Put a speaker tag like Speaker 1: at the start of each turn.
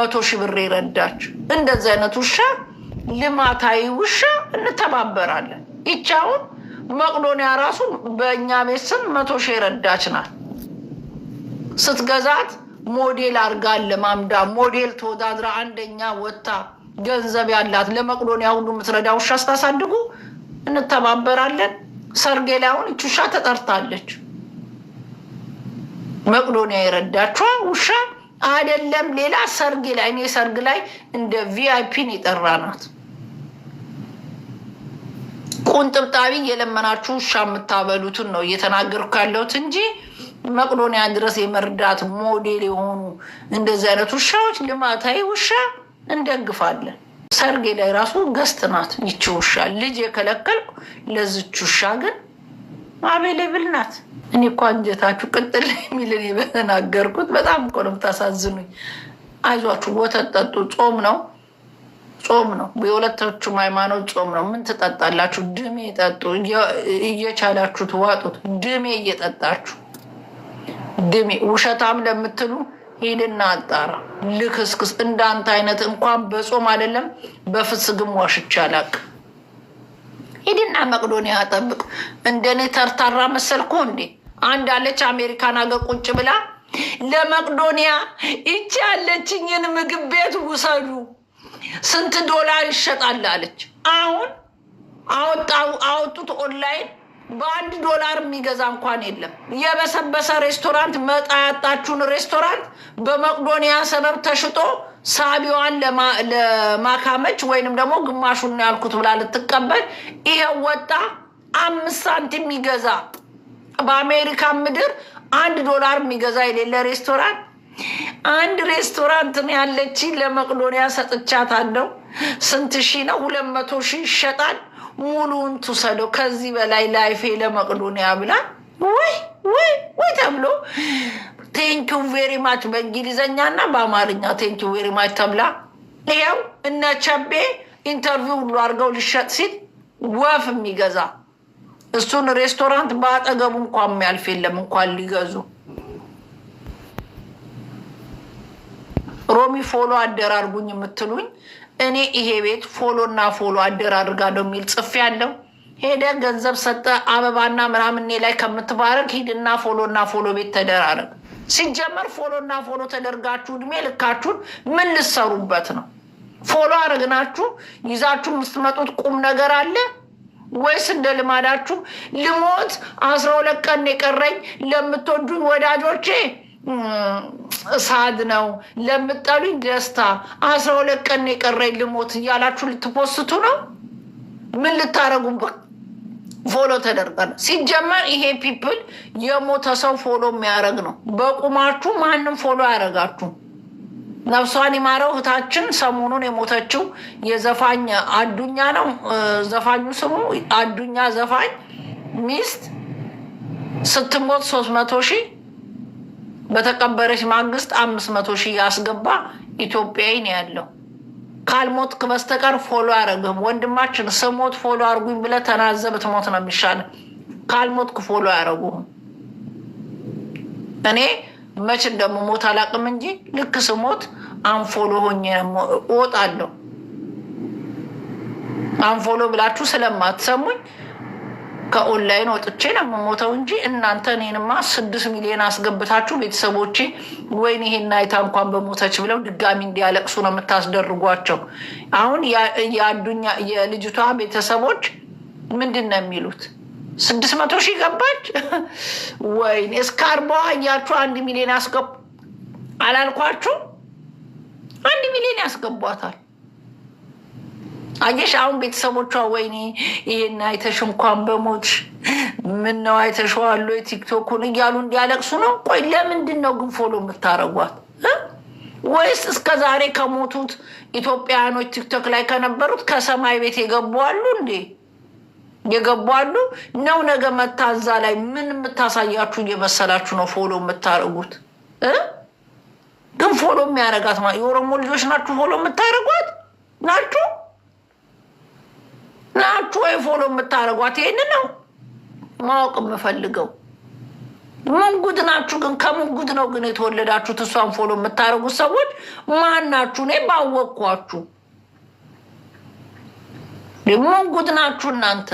Speaker 1: መቶ ሺ ብር ይረዳች። እንደዚህ አይነት ውሻ ልማታዊ ውሻ እንተባበራለን። ይቻውን መቅዶኒያ ራሱ በእኛ ቤት ስም መቶ ሺ ረዳች ናት። ስትገዛት ሞዴል አርጋ ለማምዳ ሞዴል ተወዳድራ አንደኛ ወታ ገንዘብ ያላት ለመቅዶኒያ ሁሉ የምትረዳ ውሻ ስታሳድጉ እንተባበራለን። ሰርጌ ላይ አሁን ይች ውሻ ተጠርታለች። መቅዶኒያ የረዳችዋ ውሻ አይደለም ሌላ ሰርግ ላይ እኔ ሰርግ ላይ እንደ ቪአይፒን የጠራናት ቁንጥብጣቢ የለመናችሁ ውሻ የምታበሉትን ነው እየተናገርኩ ያለሁት እንጂ መቅዶኒያ ድረስ የመርዳት ሞዴል የሆኑ እንደዚህ አይነት ውሻዎች ልማታዊ ውሻ እንደግፋለን። ሰርጌ ላይ ራሱ ገስት ናት ይቺ ውሻ ልጅ የከለከልኩ ለዝች ውሻ ግን አቬሌብል ናት። እኔ እኮ አንጀታችሁ ቅጥል የሚል እኔ በተናገርኩት በጣም እኮ ነው የምታሳዝኑኝ። አይዟችሁ፣ ወተት ጠጡ። ጾም ነው ጾም ነው። የሁለታችሁም ሃይማኖት ጾም ነው። ምን ትጠጣላችሁ? ድሜ ጠጡ፣ እየቻላችሁ ትዋጡት። ድሜ እየጠጣችሁ ድሜ ውሸታም ለምትሉ ሂድና አጣራ። ልክስክስ እንዳንተ አይነት እንኳን በጾም አይደለም በፍስግም ዋሽቻ አላቅም። ሂድና መቅዶኒያ ጠብቅ። እንደኔ ተርታራ መሰልኩ እንዴ? አንድ አለች አሜሪካን አገር ቁጭ ብላ ለመቅዶኒያ ይቺ ያለችኝን ምግብ ቤት ውሰዱ ስንት ዶላር ይሸጣል አለች። አሁን አወጡት ኦንላይን በአንድ ዶላር የሚገዛ እንኳን የለም። የበሰበሰ ሬስቶራንት መጣ ያጣችሁን ሬስቶራንት በመቅዶኒያ ሰበብ ተሽጦ ሳቢዋን ለማካመች ወይንም ደግሞ ግማሹን ያልኩት ብላ ልትቀበል ይሄ ወጣ አምስት ሳንቲም ይገዛ በአሜሪካ ምድር አንድ ዶላር የሚገዛ የሌለ ሬስቶራንት አንድ ሬስቶራንት ነው ያለች። ለመቅዶኒያ ሰጥቻታለሁ። ስንት ሺ ነው? ሁለት መቶ ሺ ይሸጣል። ሙሉውን ትውሰደው። ከዚህ በላይ ላይፌ ለመቅዶኒያ ብላ ወይ ወይ ወይ ተብሎ ቴንኪ ቬሪ ማች በእንግሊዘኛ እና በአማርኛ ቴንኪ ቬሪ ማች ተብላ ይኸው እነ ቸቤ ኢንተርቪው ሁሉ አድርገው ሊሸጥ ሲል ወፍ የሚገዛ እሱን ሬስቶራንት በአጠገቡ እንኳን የሚያልፍ የለም እንኳን ሊገዙ። ሮሚ ፎሎ አደራርጉኝ የምትሉኝ እኔ ይሄ ቤት ፎሎ እና ፎሎ ነው የሚል ጽፍ ያለው ሄደ ገንዘብ ሰጠ አበባና ምናምን እኔ ላይ ከምትባረግ ሂድና ፎሎ እና ፎሎ ቤት ተደራረግ። ሲጀመር ፎሎ እና ፎሎ ተደርጋችሁ እድሜ ልካችሁን ምን ልሰሩበት ነው? ፎሎ አረግናችሁ ይዛችሁ የምትመጡት ቁም ነገር አለ? ወይስ እንደ ልማዳችሁ ልሞት አስራ ሁለት ቀን የቀረኝ ለምትወዱኝ ወዳጆቼ እሳድ ነው ለምጠሉኝ ደስታ አስራ ሁለት ቀን የቀረኝ ልሞት እያላችሁ ልትፖስቱ ነው? ምን ልታረጉበት? ፎሎ ተደርጓል። ሲጀመር ይሄ ፒፕል የሞተ ሰው ፎሎ የሚያደርግ ነው። በቁማችሁ ማንም ፎሎ አያደርጋችሁ። ነፍሷን ይማረው እህታችን ሰሞኑን የሞተችው የዘፋኝ አዱኛ ነው። ዘፋኙ ስሙ አዱኛ ዘፋኝ ሚስት ስትሞት ሶስት መቶ ሺህ በተቀበረች ማግስት አምስት መቶ ሺህ ያስገባ ኢትዮጵያዊ ነው ያለው። ካልሞትክ በስተቀር ፎሎ አያደርግም። ወንድማችን ስሞት ፎሎ አርጉኝ ብለህ ተናዘ ብትሞት ነው የሚሻለው። ካልሞትክ ፎሎ አያደርጉህም እኔ መች እንደምሞት አላቅም እንጂ ልክ ስሞት አንፎሎ ሆኜ እወጣለሁ። አንፎሎ ብላችሁ ስለማትሰሙኝ ከኦንላይን ወጥቼ ነው የምሞተው እንጂ እናንተ እኔንማ ስድስት ሚሊዮን አስገብታችሁ ቤተሰቦቼ ወይን ይሄን አይታ እንኳን በሞተች ብለው ድጋሚ እንዲያለቅሱ ነው የምታስደርጓቸው። አሁን የአዱኛ የልጅቷ ቤተሰቦች ምንድን ነው የሚሉት? ስድስት መቶ ሺህ ገባች። ወይኔ እስከ አርባዋ እያችሁ አንድ ሚሊዮን ያስገቡ አላልኳችሁ? አንድ ሚሊዮን ያስገቧታል። አየሽ አሁን ቤተሰቦቿ ወይኔ ይሄን አይተሽ እንኳን በሞች ምን ነው አይተሸዋሉ የቲክቶኩን እያሉ እንዲያለቅሱ ነው። ቆይ ለምንድን ነው ግን ፎሎ የምታረጓት? ወይስ እስከ ዛሬ ከሞቱት ኢትዮጵያውያኖች ቲክቶክ ላይ ከነበሩት ከሰማይ ቤት የገቡ አሉ እንዴ? የገቡ ነው። ነገ መታዛ ላይ ምን የምታሳያችሁ እየመሰላችሁ ነው ፎሎ የምታደርጉት? ግን ፎሎ የሚያደርጋት የኦሮሞ ልጆች ናችሁ? ፎሎ የምታደርጓት ናችሁ ናችሁ ወይ ፎሎ የምታደርጓት? ይህን ነው ማወቅ የምፈልገው። ምን ናችሁ ግን? ከምን ነው ግን የተወለዳችሁት? እሷን ፎሎ የምታደርጉት ሰዎች ማን ናችሁ? እኔ ባወቅኳችሁ ደግሞ ጉድ ናችሁ እናንተ።